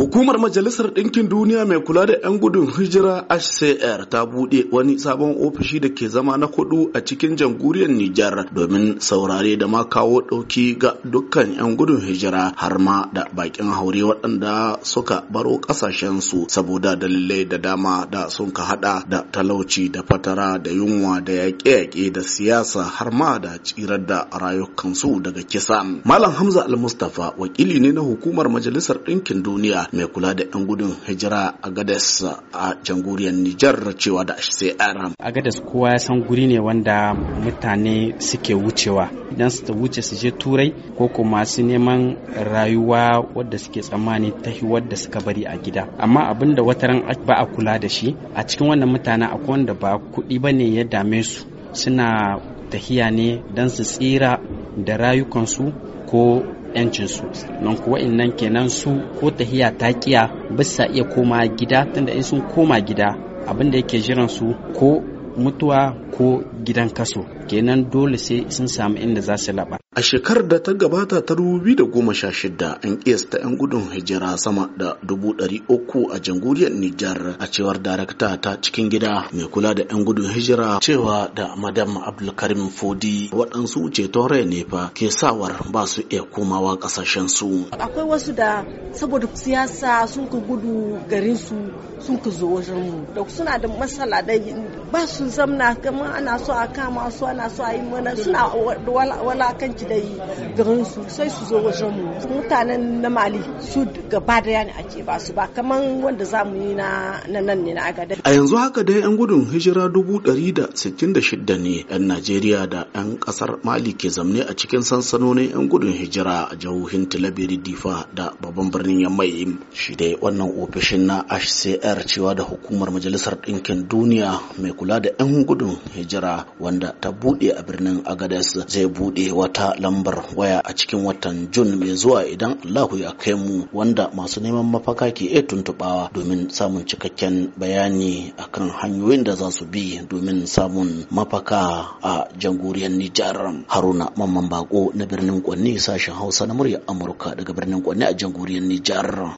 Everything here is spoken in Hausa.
Hukumar Majalisar Ɗinkin Duniya mai kula da 'yan gudun hijira HCR ta buɗe wani sabon ofishi da ke zama na kudu a cikin jamhuriyar Nijar domin saurare da ma kawo ɗauki ga dukkan 'yan gudun hijira har ma da bakin haure waɗanda suka baro ƙasashensu saboda dalilai da dama da sun ka haɗa da talauci da fatara da yunwa da yaƙe-yaƙe da siyasa har ma da tsirar da rayukansu daga kisa. Malam Hamza Al-Mustapha wakili ne na Hukumar Majalisar Ɗinkin Duniya mai kula da 'yan gudun hijira a gadas a jamhuriyar Nijar cewa da HCR. A gadas kowa ya san guri ne wanda mutane suke wucewa idan su wuce su je turai ko kuma su neman rayuwa wadda suke tsammani ta wadda suka bari a gida. Amma abin da wataran ba a kula da shi a cikin wannan mutane akwai wanda ba kuɗi ba ne ya dame su suna tahiya ne don su tsira da rayukansu ko yancinsu nan kuwa innan kenan su ko tahiya ta kiya bisa iya koma gida tunda in sun koma gida abin da yake jiran su ko mutuwa ko gidan kaso kenan dole sai sun samu inda za su laba A shekarar da ta gabata ta da goma sha 2016 an kiyasta 'yan gudun hijira sama da uku a jamhuriyar Nijar a cewar darakta ta cikin gida mai kula da 'yan gudun hijira cewa da madam Abdulkarim Fodi waɗansu ceto rai ne fa ke sawar ba su iya komawa ƙasashen su. Akwai wasu da saboda siyasa sun ka gudu garin su sun ka zo wajen mu da suna da matsala da ba su zamna kamar ana so a kama su ana so a yi mana suna walakanci dai su sai su zo wajen mu mutanen na mali su gaba daya ne ake ba su ba kamar wanda za mu yi na nan ne na agada a yanzu haka dai yan gudun hijira dubu ɗari da sittin da shidda ne yan najeriya da yan ƙasar mali ke zamne a cikin sansanonin yan gudun hijira a jihohin tilabiri difa da babban birnin yammai shi dai wannan ofishin na hcr cewa da hukumar majalisar ɗinkin duniya mai kula da yan gudun hijira wanda ta buɗe a birnin agadas zai buɗe wata lambar waya a cikin watan Jun mai zuwa idan Allahu ya kai mu wanda masu neman mafaka ke iya tuntuɓawa domin samun cikakken bayani akan hanyoyin da za su bi domin samun mafaka a jamhuriyar Nijar. Haruna Mamman Bako na birnin kwanne sashen Hausa na murya Amurka daga birnin kwanne a jamhuriyar Nijar.